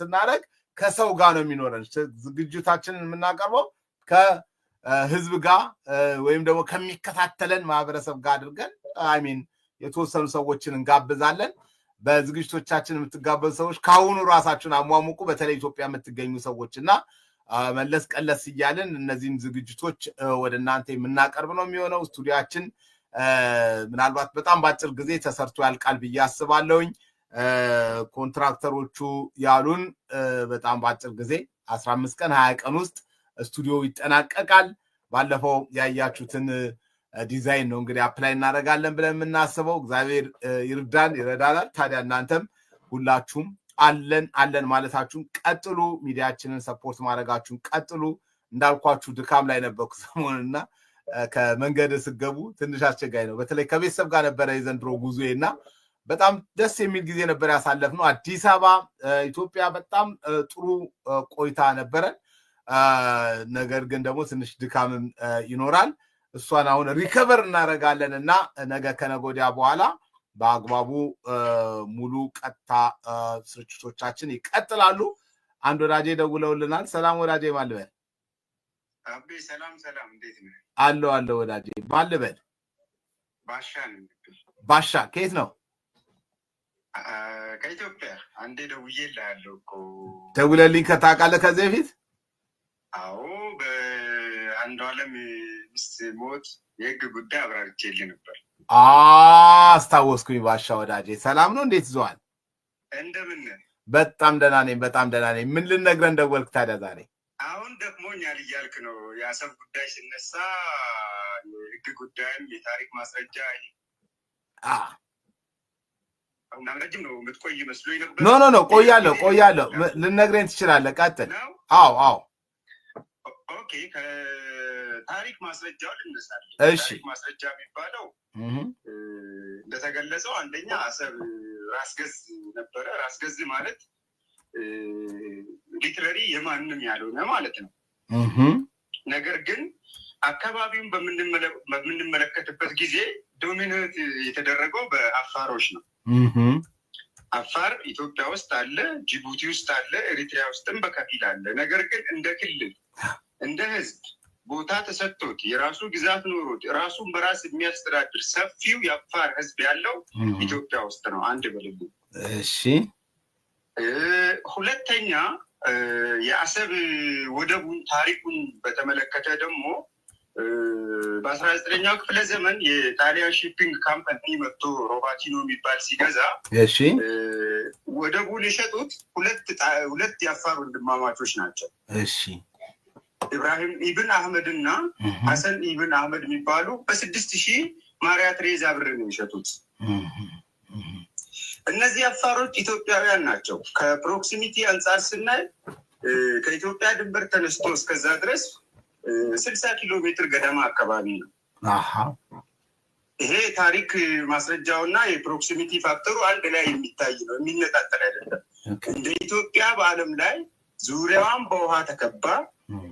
ስናደርግ ከሰው ጋር ነው የሚኖረን። ዝግጅታችንን የምናቀርበው ከህዝብ ጋር ወይም ደግሞ ከሚከታተለን ማህበረሰብ ጋር አድርገን አይሚን የተወሰኑ ሰዎችን እንጋብዛለን። በዝግጅቶቻችን የምትጋበዙ ሰዎች ከአሁኑ ራሳችሁን አሟሙቁ። በተለይ ኢትዮጵያ የምትገኙ ሰዎች እና መለስ ቀለስ እያለን እነዚህም ዝግጅቶች ወደ እናንተ የምናቀርብ ነው የሚሆነው። ስቱዲያችን ምናልባት በጣም በአጭር ጊዜ ተሰርቶ ያልቃል ብዬ አስባለሁኝ። ኮንትራክተሮቹ ያሉን በጣም በአጭር ጊዜ አስራ አምስት ቀን ሀያ ቀን ውስጥ ስቱዲዮ ይጠናቀቃል። ባለፈው ያያችሁትን ዲዛይን ነው እንግዲህ አፕላይ እናደርጋለን ብለን የምናስበው። እግዚአብሔር ይርዳን ይረዳናል። ታዲያ እናንተም ሁላችሁም አለን አለን ማለታችሁን ቀጥሉ። ሚዲያችንን ሰፖርት ማድረጋችሁን ቀጥሉ። እንዳልኳችሁ ድካም ላይ ነበርኩ ሰሞኑንና ከመንገድ ስገቡ ትንሽ አስቸጋሪ ነው። በተለይ ከቤተሰብ ጋር ነበረ የዘንድሮ ጉዞዬ እና በጣም ደስ የሚል ጊዜ ነበር ያሳለፍነው። አዲስ አበባ ኢትዮጵያ በጣም ጥሩ ቆይታ ነበረን። ነገር ግን ደግሞ ትንሽ ድካምም ይኖራል። እሷን አሁን ሪከቨር እናደርጋለን እና ነገ ከነገ በኋላ በአግባቡ ሙሉ ቀጥታ ስርጭቶቻችን ይቀጥላሉ። አንድ ወዳጄ ደውለውልናል። ሰላም ወዳጄ ማልበል አለው አለው ወዳጄ ማልበል ባሻ ከየት ነው? ከኢትዮጵያ አንዴ ደውዬ ደውዬልሃለሁ እኮ ደውለልኝ ከታውቃለህ ከዚህ በፊት አዎ በአንዱ አለም ሚስት ሞት የህግ ጉዳይ አብራርቼልህ ነበር አስታወስኩኝ ባሻ ወዳጄ ሰላም ነው እንዴት ይዘዋል እንደምን በጣም ደህና ነኝ በጣም ደህና ነኝ ምን ልነግረን እንደወልክ ታዲያ ዛሬ አሁን ደክሞኛል እያልክ ነው የአሰብ ጉዳይ ሲነሳ የህግ ጉዳይም የታሪክ ማስረጃ ኖ ኖ ኖ ቆያለሁ ቆያለሁ፣ ልነግረኝ ትችላለህ። ቀጥል። አዎ አዎ፣ ኦኬ። ከታሪክ ማስረጃው ልነሳለህ። እሺ፣ ማስረጃ የሚባለው እንደተገለጸው አንደኛ አሰብ ራስ ገዝ ነበረ። ራስ ገዝ ማለት ሊትረሪ የማንም ያልሆነ ማለት ነው። ነገር ግን አካባቢውን በምንመለከትበት ጊዜ ዶሚናንት የተደረገው በአፋሮች ነው። አፋር ኢትዮጵያ ውስጥ አለ፣ ጅቡቲ ውስጥ አለ፣ ኤሪትሪያ ውስጥም በከፊል አለ። ነገር ግን እንደ ክልል እንደ ህዝብ ቦታ ተሰጥቶት የራሱ ግዛት ኖሮት ራሱን በራስ የሚያስተዳድር ሰፊው የአፋር ህዝብ ያለው ኢትዮጵያ ውስጥ ነው። አንድ ብልሉ። እሺ፣ ሁለተኛ የአሰብ ወደቡን ታሪኩን በተመለከተ ደግሞ በአስራ ዘጠነኛው ክፍለ ዘመን የጣሊያን ሺፒንግ ካምፓኒ መጥቶ ሮባቲኖ የሚባል ሲገዛ ወደቡን የሸጡት ሁለት የአፋር ወንድማማቾች ናቸው። ኢብራሂም ኢብን አህመድ እና ሀሰን ኢብን አህመድ የሚባሉ በስድስት ሺህ ማርያ ትሬዛ ብር ነው የሸጡት። እነዚህ አፋሮች ኢትዮጵያውያን ናቸው። ከፕሮክሲሚቲ አንጻር ስናይ ከኢትዮጵያ ድንበር ተነስቶ እስከዛ ድረስ ስልሳ ኪሎ ሜትር ገደማ አካባቢ ነው። ይሄ ታሪክ ማስረጃውና የፕሮክሲሚቲ ፋክተሩ አንድ ላይ የሚታይ ነው፣ የሚነጣጠል አይደለም። እንደ ኢትዮጵያ በዓለም ላይ ዙሪያዋን በውሃ ተከባ፣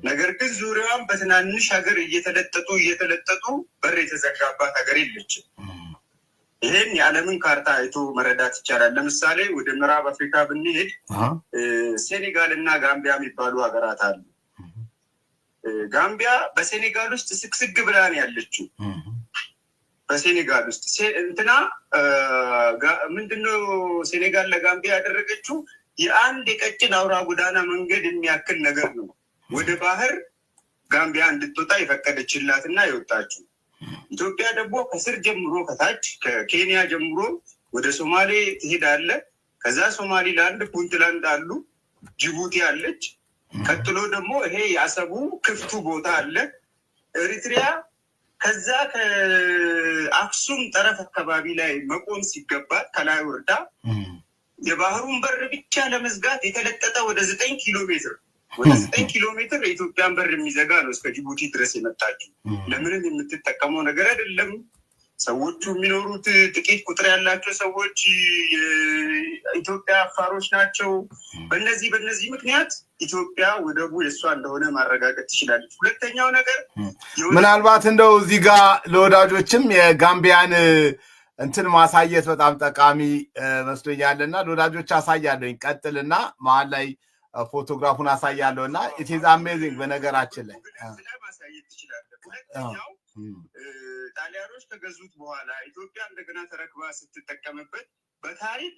ነገር ግን ዙሪያዋን በትናንሽ ሀገር እየተለጠጡ እየተለጠጡ በር የተዘጋባት ሀገር የለችም። ይህን የዓለምን ካርታ አይቶ መረዳት ይቻላል። ለምሳሌ ወደ ምዕራብ አፍሪካ ብንሄድ ሴኔጋል እና ጋምቢያ የሚባሉ ሀገራት አሉ። ጋምቢያ በሴኔጋል ውስጥ ስግስግ ብላ ነው ያለችው። በሴኔጋል ውስጥ እንትና ምንድነው ሴኔጋል ለጋምቢያ ያደረገችው የአንድ የቀጭን አውራ ጎዳና መንገድ የሚያክል ነገር ነው ወደ ባህር ጋምቢያ እንድትወጣ የፈቀደችላት እና የወጣችው። ኢትዮጵያ ደግሞ ከስር ጀምሮ ከታች ከኬንያ ጀምሮ ወደ ሶማሌ ትሄዳለ። ከዛ ሶማሌ ሶማሊላንድ፣ ፑንትላንድ አሉ፣ ጅቡቲ አለች። ቀጥሎ ደግሞ ይሄ የአሰቡ ክፍቱ ቦታ አለ። ኤሪትሪያ ከዛ ከአክሱም ጠረፍ አካባቢ ላይ መቆም ሲገባት ከላይ ወርዳ የባህሩን በር ብቻ ለመዝጋት የተለጠጠ ወደ ዘጠኝ ኪሎ ሜትር ወደ ዘጠኝ ኪሎ ሜትር የኢትዮጵያን በር የሚዘጋ ነው። እስከ ጅቡቲ ድረስ የመጣችው ለምንም የምትጠቀመው ነገር አይደለም። ሰዎቹ የሚኖሩት ጥቂት ቁጥር ያላቸው ሰዎች የኢትዮጵያ አፋሮች ናቸው። በነዚህ በነዚህ ምክንያት ኢትዮጵያ ወደቡ የእሷ እንደሆነ ማረጋገጥ ትችላለች። ሁለተኛው ነገር ምናልባት እንደው እዚህ ጋር ለወዳጆችም የጋምቢያን እንትን ማሳየት በጣም ጠቃሚ መስሎኛል እና ለወዳጆች አሳያለሁኝ። ቀጥልና መሀል ላይ ፎቶግራፉን አሳያለሁ እና ኢትዝ አሜዚንግ በነገራችን ላይ ማሳየት ትችላለህ። ሁለተኛው ጣሊያኖች ከገዙት በኋላ ኢትዮጵያ እንደገና ተረክባ ስትጠቀምበት በታሪክ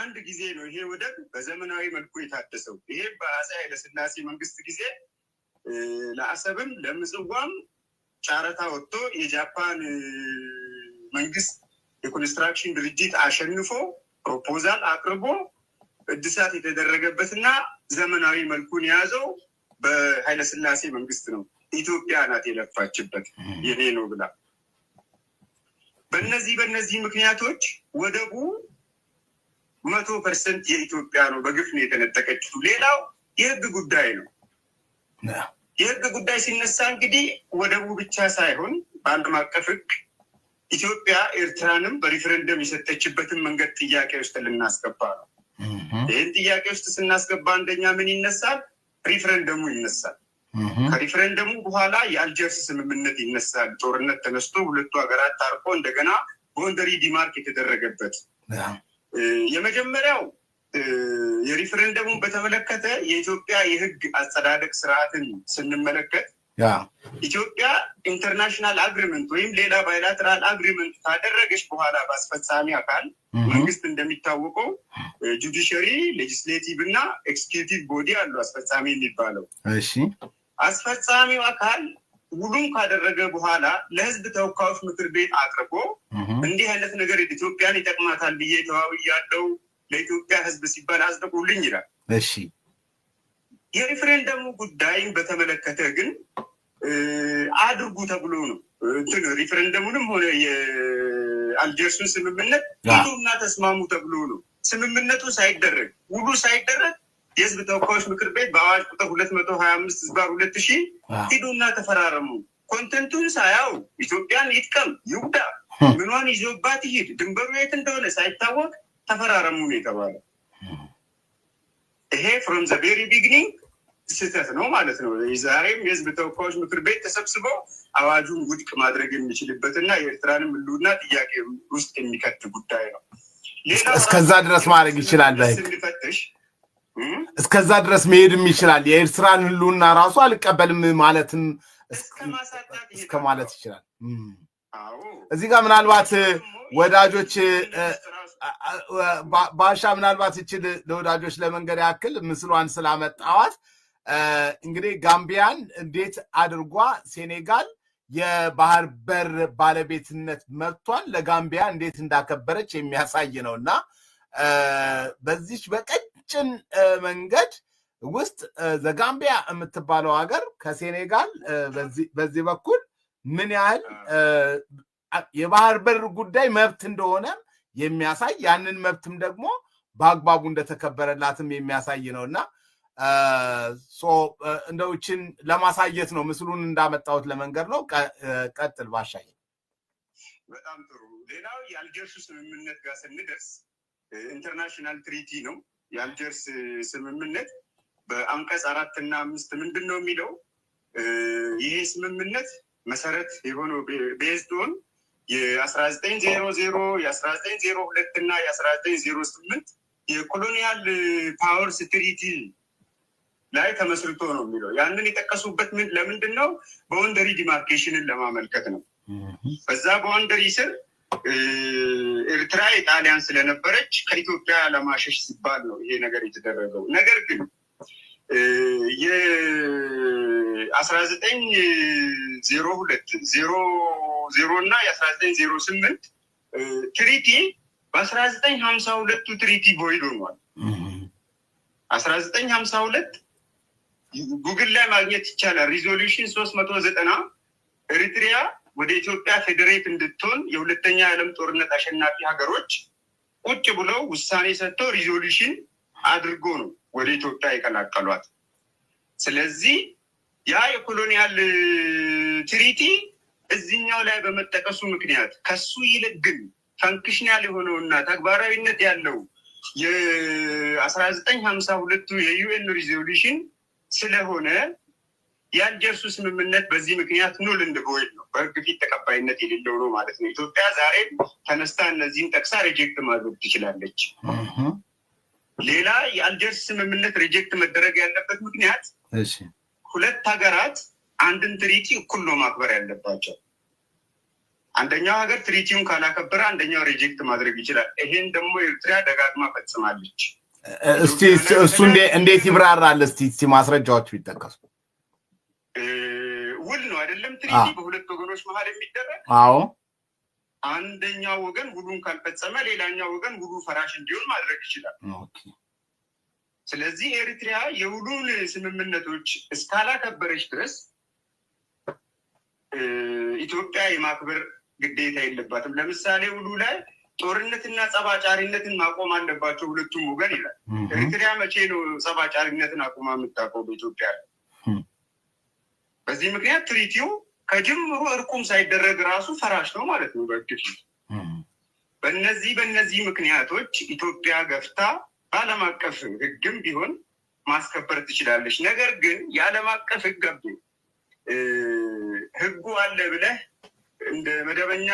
አንድ ጊዜ ነው ይሄ ወደብ በዘመናዊ መልኩ የታደሰው። ይሄ በአፄ ኃይለስላሴ መንግስት ጊዜ ለአሰብም ለምጽዋም ጨረታ ወጥቶ የጃፓን መንግስት የኮንስትራክሽን ድርጅት አሸንፎ ፕሮፖዛል አቅርቦ እድሳት የተደረገበትና ዘመናዊ መልኩን የያዘው በኃይለስላሴ መንግስት ነው። ኢትዮጵያ ናት የለፋችበት የኔ ነው ብላ በነዚህ በነዚህ ምክንያቶች ወደቡ መቶ ፐርሰንት የኢትዮጵያ ነው፣ በግፍ ነው የተነጠቀችው። ሌላው የህግ ጉዳይ ነው። የህግ ጉዳይ ሲነሳ እንግዲህ ወደቡ ብቻ ሳይሆን በዓለም አቀፍ ህግ ኢትዮጵያ ኤርትራንም በሪፍረንደም የሰጠችበትን መንገድ ጥያቄ ውስጥ ልናስገባ ነው። ይህን ጥያቄ ውስጥ ስናስገባ አንደኛ ምን ይነሳል? ሪፍረንደሙ ይነሳል። ከሪፍረንደሙ በኋላ የአልጀርስ ስምምነት ይነሳል። ጦርነት ተነስቶ ሁለቱ ሀገራት ታርቆ እንደገና ቦንደሪ ዲማርክ የተደረገበት የመጀመሪያው የሪፍረንደሙን በተመለከተ የኢትዮጵያ የሕግ አጸዳደቅ ስርዓትን ስንመለከት ኢትዮጵያ ኢንተርናሽናል አግሪመንት ወይም ሌላ ባይላትራል አግሪመንት ካደረገች በኋላ በአስፈጻሚ አካል መንግስት እንደሚታወቀው ጁዲሽሪ፣ ሌጅስሌቲቭ እና ኤክስኪዩቲቭ ቦዲ አሉ። አስፈጻሚ የሚባለው አስፈጻሚው አካል ውሉም ካደረገ በኋላ ለህዝብ ተወካዮች ምክር ቤት አቅርቦ እንዲህ አይነት ነገር ኢትዮጵያን ይጠቅማታል ብዬ ተዋውያለሁ፣ ለኢትዮጵያ ህዝብ ሲባል አጽድቁልኝ ይላል። እሺ የሪፍሬንደሙ ጉዳይን በተመለከተ ግን አድርጉ ተብሎ ነው እንትን ሪፍሬንደሙንም ሆነ የአልጀርሱን ስምምነት እና ተስማሙ ተብሎ ነው። ስምምነቱ ሳይደረግ ውሉ ሳይደረግ የህዝብ ተወካዮች ምክር ቤት በአዋጅ ቁጥር ሁለት መቶ ሀያ አምስት ህዝባር ሁለት ሺህ ሂዱና ተፈራረሙ። ኮንተንቱን ሳያው ኢትዮጵያን ይጥቀም ይውዳ ምኗን ይዞባት ይሂድ ድንበሩ የት እንደሆነ ሳይታወቅ ተፈራረሙ ነው የተባለ። ይሄ ፍሮም ዘ ቬሪ ቢግኒንግ ስህተት ነው ማለት ነው። ዛሬም የህዝብ ተወካዮች ምክር ቤት ተሰብስበው አዋጁን ውድቅ ማድረግ የሚችልበትና የኤርትራንም ህልውና ጥያቄ ውስጥ የሚከት ጉዳይ ነው። እስከዛ ድረስ ማድረግ ይችላል። ስንፈትሽ እስከዛ ድረስ መሄድም ይችላል። የኤርትራን ህልውና ራሱ አልቀበልም ማለትም እስከ ማለት ይችላል። እዚህ ጋር ምናልባት ወዳጆች ባሻ ምናልባት ይችል ለወዳጆች ለመንገድ ያክል ምስሏን ስላመጣዋት እንግዲህ ጋምቢያን እንዴት አድርጓ ሴኔጋል የባህር በር ባለቤትነት መጥቷን ለጋምቢያ እንዴት እንዳከበረች የሚያሳይ ነው እና በዚች በቀን በቀጭን መንገድ ውስጥ ዘጋምቢያ የምትባለው ሀገር ከሴኔጋል በዚህ በኩል ምን ያህል የባህር በር ጉዳይ መብት እንደሆነ የሚያሳይ ያንን መብትም ደግሞ በአግባቡ እንደተከበረላትም የሚያሳይ ነው እና እንደውችን ለማሳየት ነው ምስሉን እንዳመጣሁት ለመንገድ ነው። ቀጥል ባሻይ። በጣም ጥሩ። ሌላው የአልጀርሱ ስምምነት ጋር ስንደርስ ኢንተርናሽናል ትሪቲ ነው የአልጀርስ ስምምነት በአንቀጽ አራት እና አምስት ምንድን ነው የሚለው? ይህ ስምምነት መሰረት የሆነው ቤዝዶን የአስራ ዘጠኝ ዜሮ ዜሮ የአስራ ዘጠኝ ዜሮ ሁለት እና የአስራ ዘጠኝ ዜሮ ስምንት የኮሎኒያል ፓወርስ ትሪቲ ላይ ተመስርቶ ነው የሚለው። ያንን የጠቀሱበት ምን ለምንድን ነው? በወንደሪ ዲማርኬሽንን ለማመልከት ነው። በዛ በወንደሪ ስር ኤርትራ የጣሊያን ስለነበረች ከኢትዮጵያ ለማሸሽ ሲባል ነው ይሄ ነገር የተደረገው። ነገር ግን የአስራ ዘጠኝ ዜሮ ሁለት ዜሮ ዜሮ እና የአስራ ዘጠኝ ዜሮ ስምንት ትሪቲ በአስራ ዘጠኝ ሀምሳ ሁለቱ ትሪቲ ቮይድ ሆኗል። አስራ ዘጠኝ ሀምሳ ሁለት ጉግል ላይ ማግኘት ይቻላል። ሪዞሉሽን ሶስት መቶ ዘጠና ኤሪትሪያ ወደ ኢትዮጵያ ፌዴሬት እንድትሆን የሁለተኛ የዓለም ጦርነት አሸናፊ ሀገሮች ቁጭ ብለው ውሳኔ ሰጥተው ሪዞሉሽን አድርጎ ነው ወደ ኢትዮጵያ የቀላቀሏት። ስለዚህ ያ የኮሎኒያል ትሪቲ እዚኛው ላይ በመጠቀሱ ምክንያት ከሱ ይልቅ ግን ፈንክሽናል የሆነውና ተግባራዊነት ያለው የአስራ ዘጠኝ ሀምሳ ሁለቱ የዩኤን ሪዞሉሽን ስለሆነ የአልጀርሱ ስምምነት በዚህ ምክንያት ኑል ኤንድ ነው፣ በህግ ፊት ተቀባይነት የሌለው ነው ማለት ነው። ኢትዮጵያ ዛሬ ተነስታ እነዚህን ጠቅሳ ሪጀክት ማድረግ ትችላለች። ሌላ የአልጀርስ ስምምነት ሪጀክት መደረግ ያለበት ምክንያት ሁለት ሀገራት አንድን ትሪቲ እኩል ነው ማክበር ያለባቸው። አንደኛው ሀገር ትሪቲውን ካላከበረ አንደኛው ሪጀክት ማድረግ ይችላል። ይሄን ደግሞ ኤርትሪያ ደጋግማ ፈጽማለች። እስቲ እሱ እንዴት ይብራራል? እስቲ ማስረጃዎች ቢጠቀሱ ውል ነው አይደለም? ትሪቲ በሁለት ወገኖች መሀል የሚደረግ አዎ። አንደኛው ወገን ውሉን ካልፈጸመ ሌላኛው ወገን ውሉ ፈራሽ እንዲሆን ማድረግ ይችላል። ስለዚህ ኤሪትሪያ የውሉን ስምምነቶች እስካላከበረች ድረስ ኢትዮጵያ የማክበር ግዴታ የለባትም። ለምሳሌ ውሉ ላይ ጦርነትና ጸባጫሪነትን ማቆም አለባቸው ሁለቱም ወገን ይላል። ኤሪትሪያ መቼ ነው ጸባጫሪነትን አቁማ የምታውቀው? በኢትዮጵያ በዚህ ምክንያት ትሪቲው ከጅምሩ እርቁም ሳይደረግ ራሱ ፈራሽ ነው ማለት ነው። በእግድ በነዚህ በነዚህ ምክንያቶች ኢትዮጵያ ገፍታ በዓለም አቀፍ ሕግም ቢሆን ማስከበር ትችላለች። ነገር ግን የዓለም አቀፍ ሕግ ሕጉ አለ ብለህ እንደ መደበኛ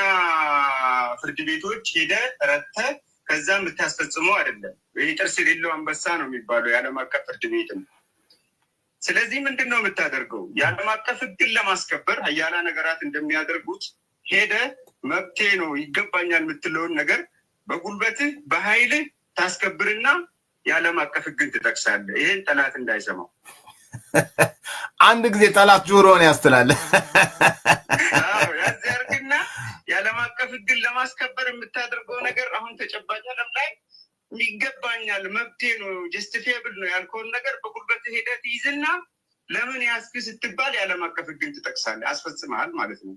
ፍርድ ቤቶች ሄደ ረተ ከዛ የምታስፈጽመው አይደለም። ይህ ጥርስ የሌለው አንበሳ ነው የሚባለው የዓለም አቀፍ ፍርድ ቤት ነው። ስለዚህ ምንድን ነው የምታደርገው? የዓለም አቀፍ ህግን ለማስከበር ሀያላ ነገራት እንደሚያደርጉት ሄደ መብቴ ነው ይገባኛል የምትለውን ነገር በጉልበትህ በኃይልህ ታስከብርና የዓለም አቀፍ ህግን ትጠቅሳለህ። ይህን ጠላት እንዳይሰማው አንድ ጊዜ ጠላት ጆሮን ያስትላል ያዚያርግና የዓለም አቀፍ ህግን ለማስከበር የምታደርገው ነገር አሁን ተጨባጭ ዓለም ላይ ይገባኛል፣ መብቴ ነው፣ ጀስቲፌብል ነው ያልከውን ነገር በጉልበት ሄደህ ትይዝና ለምን ያስክ ስትባል የዓለም አቀፍ ሕግን ትጠቅሳለህ፣ አስፈጽመሃል ማለት ነው።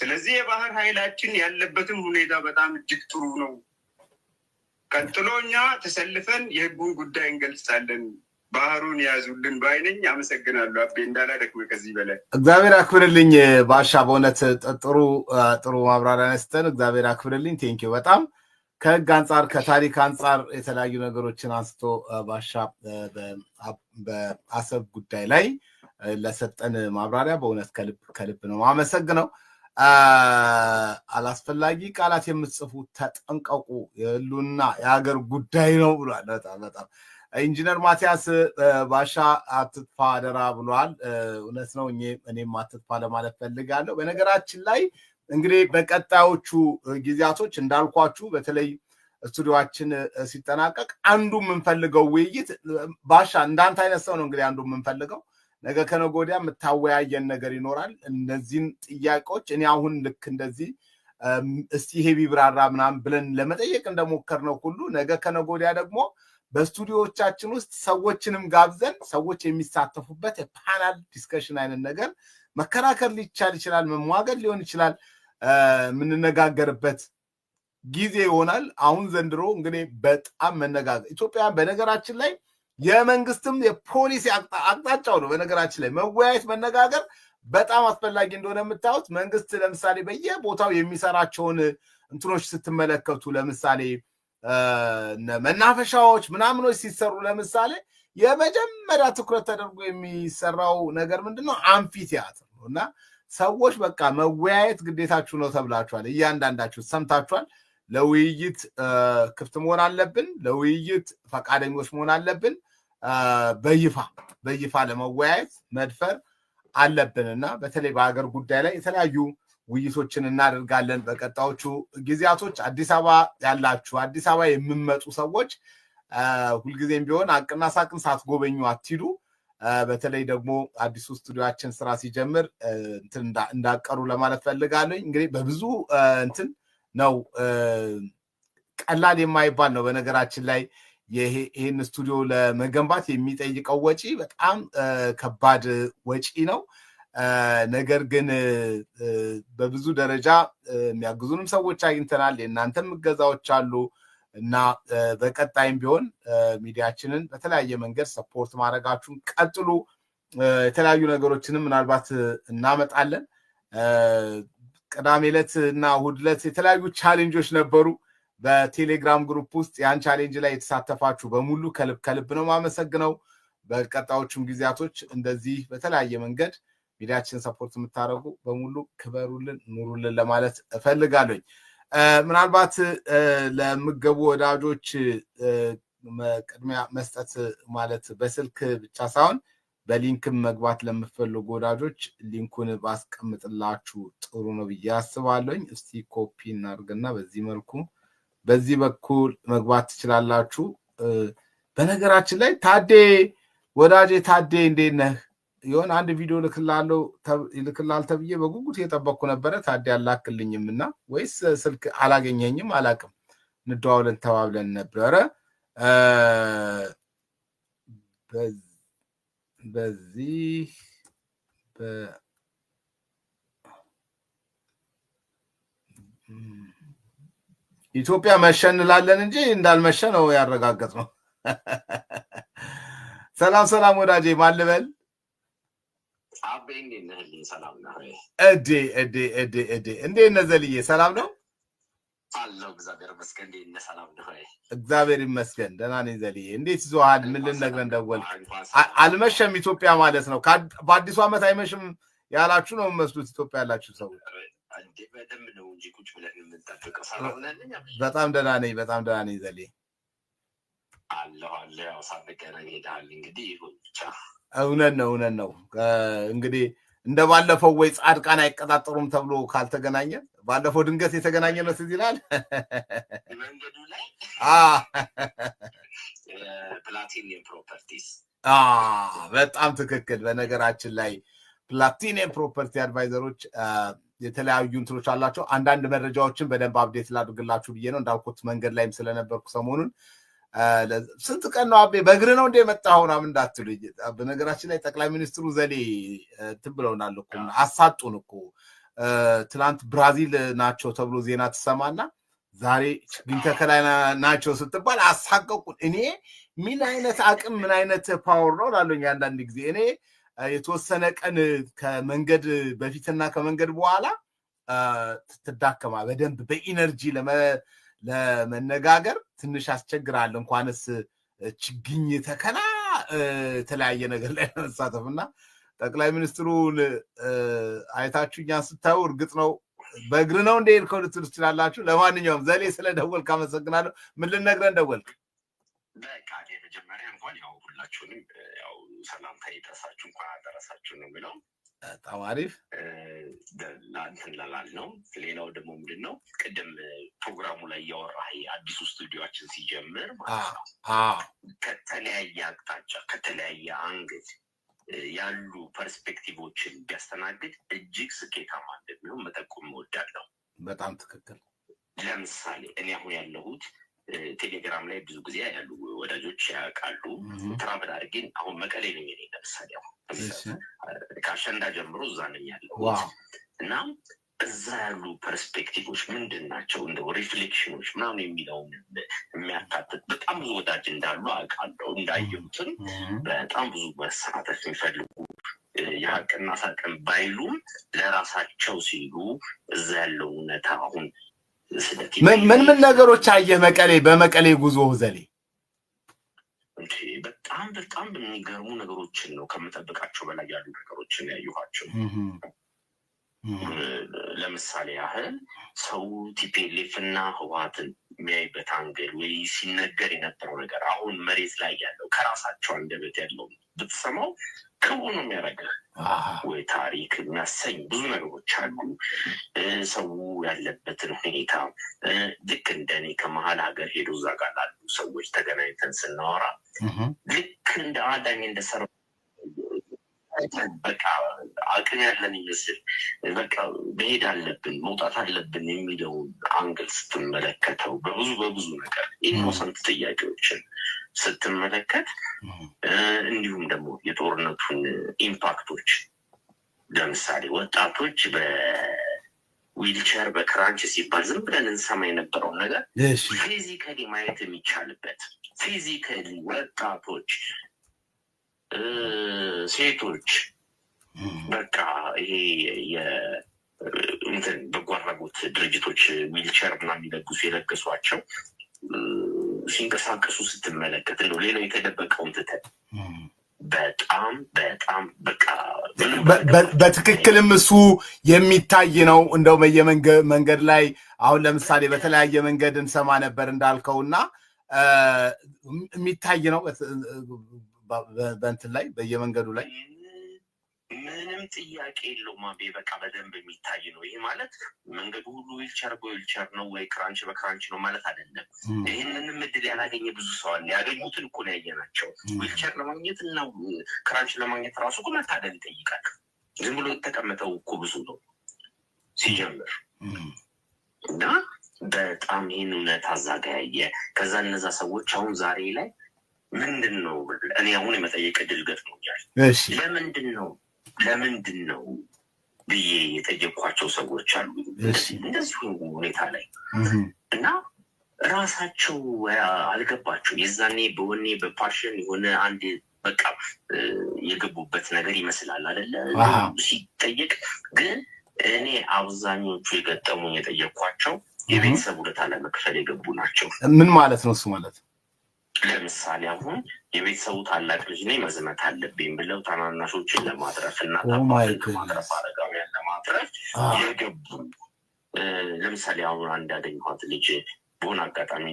ስለዚህ የባህር ኃይላችን ያለበትም ሁኔታ በጣም እጅግ ጥሩ ነው። ቀጥሎ እኛ ተሰልፈን የህጉን ጉዳይ እንገልጻለን። ባህሩን የያዙልን በአይነኝ አመሰግናለሁ። አቤ እንዳላደክመ ከዚህ በላይ እግዚአብሔር አክብርልኝ። ባሻ በእውነት ጥሩ ጥሩ ማብራሪያ ነስተን እግዚአብሔር አክብርልኝ። ቴንኪው በጣም ከህግ አንጻር ከታሪክ አንጻር የተለያዩ ነገሮችን አንስቶ ባሻ በአሰብ ጉዳይ ላይ ለሰጠን ማብራሪያ በእውነት ከልብ ከልብ ነው አመሰግነው። አላስፈላጊ ቃላት የምትጽፉ ተጠንቀቁ፣ የህሉና የሀገር ጉዳይ ነው ብሏል። በጣም በጣም ኢንጂነር ማቲያስ ባሻ አትጥፋ አደራ ብሏል። እውነት ነው። እኔም አትጥፋ ለማለት ፈልጋለሁ። በነገራችን ላይ እንግዲህ በቀጣዮቹ ጊዜያቶች እንዳልኳችሁ በተለይ ስቱዲዮችን ሲጠናቀቅ አንዱ የምንፈልገው ውይይት ባሻ እንዳንተ አይነት ሰው ነው። እንግዲህ አንዱ የምንፈልገው ነገ ከነገ ወዲያ የምታወያየን ነገር ይኖራል። እነዚህን ጥያቄዎች እኔ አሁን ልክ እንደዚህ እስቲ ይሄ ቢብራራ ምናምን ብለን ለመጠየቅ እንደሞከር ነው ሁሉ ነገ ከነገ ወዲያ ደግሞ በስቱዲዮዎቻችን ውስጥ ሰዎችንም ጋብዘን ሰዎች የሚሳተፉበት የፓናል ዲስከሽን አይነት ነገር መከራከር ሊቻል ይችላል፣ መሟገድ ሊሆን ይችላል የምንነጋገርበት ጊዜ ይሆናል። አሁን ዘንድሮ እንግዲህ በጣም መነጋገር ኢትዮጵያ በነገራችን ላይ የመንግስትም የፖሊሲ አቅጣጫው ነው። በነገራችን ላይ መወያየት መነጋገር በጣም አስፈላጊ እንደሆነ የምታዩት መንግስት ለምሳሌ በየቦታው የሚሰራቸውን እንትኖች ስትመለከቱ ለምሳሌ መናፈሻዎች ምናምኖች ሲሰሩ ለምሳሌ የመጀመሪያ ትኩረት ተደርጎ የሚሰራው ነገር ምንድነው ነው? አምፊ ቲያትር ነው እና ሰዎች በቃ መወያየት ግዴታችሁ ነው ተብላችኋል። እያንዳንዳችሁ ሰምታችኋል። ለውይይት ክፍት መሆን አለብን። ለውይይት ፈቃደኞች መሆን አለብን። በይፋ በይፋ ለመወያየት መድፈር አለብን እና በተለይ በሀገር ጉዳይ ላይ የተለያዩ ውይይቶችን እናደርጋለን በቀጣዮቹ ጊዜያቶች። አዲስ አበባ ያላችሁ አዲስ አበባ የምመጡ ሰዎች ሁልጊዜም ቢሆን አቅና ሳቅን ሳትጎበኙ አትሂዱ። በተለይ ደግሞ አዲሱ ስቱዲዮችን ስራ ሲጀምር እንዳቀሩ ለማለት ፈልጋለኝ። እንግዲህ በብዙ እንትን ነው ቀላል የማይባል ነው። በነገራችን ላይ ይህን ስቱዲዮ ለመገንባት የሚጠይቀው ወጪ በጣም ከባድ ወጪ ነው። ነገር ግን በብዙ ደረጃ የሚያግዙንም ሰዎች አግኝተናል። የእናንተም እገዛዎች አሉ። እና በቀጣይም ቢሆን ሚዲያችንን በተለያየ መንገድ ሰፖርት ማድረጋችሁን ቀጥሉ። የተለያዩ ነገሮችንም ምናልባት እናመጣለን። ቅዳሜ ዕለት እና እሑድ ዕለት የተለያዩ ቻሌንጆች ነበሩ በቴሌግራም ግሩፕ ውስጥ። ያን ቻሌንጅ ላይ የተሳተፋችሁ በሙሉ ከልብ ከልብ ነው ማመሰግነው። በቀጣዮቹም ጊዜያቶች እንደዚህ በተለያየ መንገድ ሚዲያችን ሰፖርት የምታደርጉ በሙሉ ክበሩልን፣ ኑሩልን ለማለት እፈልጋለኝ። ምናልባት ለምገቡ ወዳጆች ቅድሚያ መስጠት ማለት በስልክ ብቻ ሳይሆን በሊንክም መግባት ለምፈልጉ ወዳጆች ሊንኩን ባስቀምጥላችሁ ጥሩ ነው ብዬ አስባለሁኝ። እስቲ ኮፒ እናድርግና በዚህ መልኩ በዚህ በኩል መግባት ትችላላችሁ። በነገራችን ላይ ታዴ ወዳጄ ታዴ እንዴት ነህ? የሆነ አንድ ቪዲዮ ልክላል ተብዬ በጉጉት እየጠበቅኩ ነበረ። ታዲያ አላክልኝም እና ወይስ ስልክ አላገኘኝም አላቅም። እንደዋውለን ተባብለን ነበረ። በዚህ ኢትዮጵያ መሸ እንላለን እንጂ እንዳልመሸ ነው ያረጋገጥ ነው። ሰላም ሰላም ወዳጄ ማልበል እዴ እዴ እዴ እዴ እንዴት ነህ ዘልዬ? ሰላም ነው አለው። እግዚአብሔር ይመስገን። እንዴት ነህ? ሰላም ነው። እግዚአብሔር ይመስገን ደህና ነኝ ዘልዬ። እንዴት ይዞሃል? ምን ልነግረን ደወልክ? አልመሸም ኢትዮጵያ ማለት ነው። በአዲሱ ዓመት አይመሽም ያላችሁ ነው የምመስሉት ኢትዮጵያ ያላችሁ ሰዎች። በጣም ደህና ነኝ፣ በጣም ደህና ነኝ ዘልዬ አለሁ አለ ያው ሳንገናኝ ሄደሃል እንግዲህ ይሁን ብቻ እውነት ነው፣ እውነት ነው። እንግዲህ እንደ ባለፈው ወይ ጻድቃን አይቀጣጠሩም ተብሎ ካልተገናኘ ባለፈው ድንገት የተገናኘ ነው ትዝ ይላል። በጣም ትክክል። በነገራችን ላይ ፕላቲኒየም ፕሮፐርቲ አድቫይዘሮች የተለያዩ እንትኖች አላቸው። አንዳንድ መረጃዎችን በደንብ አብዴት ላድርግላችሁ ብዬ ነው። እንዳልኩት መንገድ ላይም ስለነበርኩ ሰሞኑን ስንት ቀን ነው አቤ በእግር ነው እንደ የመጣኸው ምናምን እንዳትሉ በነገራችን ላይ ጠቅላይ ሚኒስትሩ ዘዴ እንትን ብለውናል እኮ አሳጡን እኮ። ትናንት ብራዚል ናቸው ተብሎ ዜና ትሰማና ዛሬ ችግኝ ተከላይ ናቸው ስትባል አሳቀቁን። እኔ ምን አይነት አቅም ምን አይነት ፓወር ነው ላለኝ አንዳንድ ጊዜ እኔ የተወሰነ ቀን ከመንገድ በፊትና ከመንገድ በኋላ ትዳከማ በደንብ በኢነርጂ ለመ ለመነጋገር ትንሽ ያስቸግራል። እንኳንስ ችግኝ ተከላ የተለያየ ነገር ላይ ለመሳተፍ እና ጠቅላይ ሚኒስትሩ አይታችሁ እኛን ስታዩ እርግጥ ነው በእግር ነው እንደ ሄድከው ልትሉ ትችላላችሁ። ለማንኛውም ዘሌ ስለደወልክ አመሰግናለሁ። ምን ልነግረን ደወልክ? በቃ መጀመሪያ እንኳን ያው ሁላችሁንም ያው ሰላምታ ይድረሳችሁ እንኳን አደረሳችሁ ነው የሚለው በጣም አሪፍ እንትንላላል ነው። ሌላው ደግሞ ምንድን ነው ቅድም ፕሮግራሙ ላይ እያወራ አዲሱ ስቱዲዮችን ሲጀምር ማለት ነው ከተለያየ አቅጣጫ ከተለያየ አንገት ያሉ ፐርስፔክቲቮችን ቢያስተናግድ እጅግ ስኬታማ እንደሚሆን መጠቆም እወዳለሁ። በጣም ትክክል። ለምሳሌ እኔ አሁን ያለሁት ቴሌግራም ላይ ብዙ ጊዜ ያሉ ወዳጆች ያውቃሉ። ትራምፕን አድርጌ አሁን መቀሌ ነው እኔ ለምሳሌ አሁን ከአሸንዳ ጀምሮ እዛ ነኝ ያለው እና እዛ ያሉ ፐርስፔክቲቮች ምንድን ናቸው እንደው ሪፍሌክሽኖች ምናምን የሚለውን የሚያካትት በጣም ብዙ ወዳጅ እንዳሉ አውቃለሁ። እንዳየሁትም በጣም ብዙ መሳተፍ የሚፈልጉ የሀቅና ሳቅን ባይሉም ለራሳቸው ሲሉ እዛ ያለው እውነታ አሁን ምን ምን ነገሮች አየህ? መቀሌ በመቀሌ ጉዞ ዘሌ በጣም በጣም የሚገርሙ ነገሮችን ነው ከምጠብቃቸው በላይ ያሉ ነገሮችን ያየኋቸው። ለምሳሌ ያህል ሰው ቲፒኤልኤፍና ህወሓትን የሚያይበት አንገድ ወይ ሲነገር የነበረው ነገር አሁን መሬት ላይ ያለው ከራሳቸው አንደበት ያለው ብትሰማው ክቡ ነው የሚያደርግህ ወይ ታሪክ የሚያሰኝ ብዙ ነገሮች አሉ። ሰው ያለበትን ሁኔታ ልክ እንደኔ ከመሀል ሀገር ሄዶ እዛ ጋር ላሉ ሰዎች ተገናኝተን ስናወራ ልክ እንደ አዳኝ እንደሰራ በቃ አቅም ያለን ይመስል በቃ መሄድ አለብን መውጣት አለብን የሚለው አንግል ስትመለከተው በብዙ በብዙ ነገር ኢኖሰንት ጥያቄዎችን ስትመለከት እንዲሁም ደግሞ የጦርነቱን ኢምፓክቶች ለምሳሌ ወጣቶች በዊልቸር በክራንች ሲባል ዝም ብለን እንሰማ የነበረውን ነገር ፊዚካሊ ማየት የሚቻልበት ፊዚካሊ ወጣቶች ሴቶች በቃ ይሄ እንትን በጎ አድራጎት ድርጅቶች ዊልቸር እና የሚለግሱ የለገሷቸው ሲንቀሳቀሱ ስትመለከት ነው። ሌላው የተደበቀውን ትተን በጣም በጣም በቃ በትክክልም እሱ የሚታይ ነው። እንደው መንገድ ላይ አሁን ለምሳሌ በተለያየ መንገድ እንሰማ ነበር እንዳልከው እና የሚታይ ነው በእንትን ላይ በየመንገዱ ላይ ምንም ጥያቄ የለውም። አቤ በቃ በደንብ የሚታይ ነው። ይሄ ማለት መንገዱ ሁሉ ዊልቸር በዊልቸር ነው ወይ ክራንች በክራንች ነው ማለት አይደለም። ይህንንም እድል ያላገኘ ብዙ ሰው አለ። ያገኙትን እኮ ነው ናቸው። ዊልቸር ለማግኘት እና ክራንች ለማግኘት ራሱ እኮ መታደል ይጠይቃል። ዝም ብሎ የተቀመጠው እኮ ብዙ ነው ሲጀምር እና በጣም ይህን እውነት አዛጋ ያየ ከዛ እነዛ ሰዎች አሁን ዛሬ ላይ ምንድን ነው እኔ አሁን የመጠየቅ እድል ገጥሞኛል። ለምንድን ነው ለምንድን ነው ብዬ የጠየኳቸው ሰዎች አሉ እንደዚሁ ሁኔታ ላይ እና ራሳቸው አልገባቸው የዛኔ በወኔ በፓሽን የሆነ አንድ በቃ የገቡበት ነገር ይመስላል አደለ ሲጠየቅ ግን እኔ አብዛኞቹ የገጠሙኝ የጠየኳቸው የቤተሰብ ውለታ ለመክፈል የገቡ ናቸው። ምን ማለት ነው እሱ ማለት ለምሳሌ አሁን የቤተሰቡ ታላቅ ልጅ ነኝ መዝመት አለብኝ ብለው ታናናሾችን ለማትረፍ እና ለማትረፍ oh አረጋውያን ለማትረፍ ah. የገቡ ለምሳሌ አሁን አንድ ያገኘኋት ልጅ በሆነ አጋጣሚ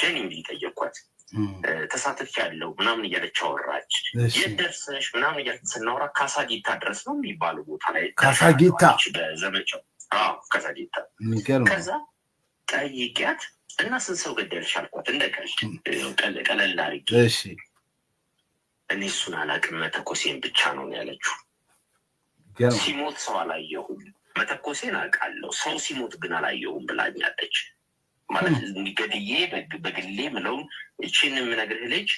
ጀኒ እንዲጠየኳት hmm. ተሳትፍ ያለው ምናምን እያለች አወራች። የት ደርሰሽ ምናምን እያለች ስናወራ ካሳጌታ ድረስ ነው የሚባለው ቦታ ላይ ካሳጌታ በዘመቻው ካሳጌታ ከዛ ጠይቂያት እና ስንት ሰው ገደልሽ አልኳት። እንደ ቀለል አድርጌ እኔ እሱን አላቅም መተኮሴን ብቻ ነው ያለችው። ሲሞት ሰው አላየሁም፣ መተኮሴን አውቃለሁ፣ ሰው ሲሞት ግን አላየሁም ብላኛለች። ማለት ገድዬ በግሌ ምለውም እችን የምነግርህ ልጅ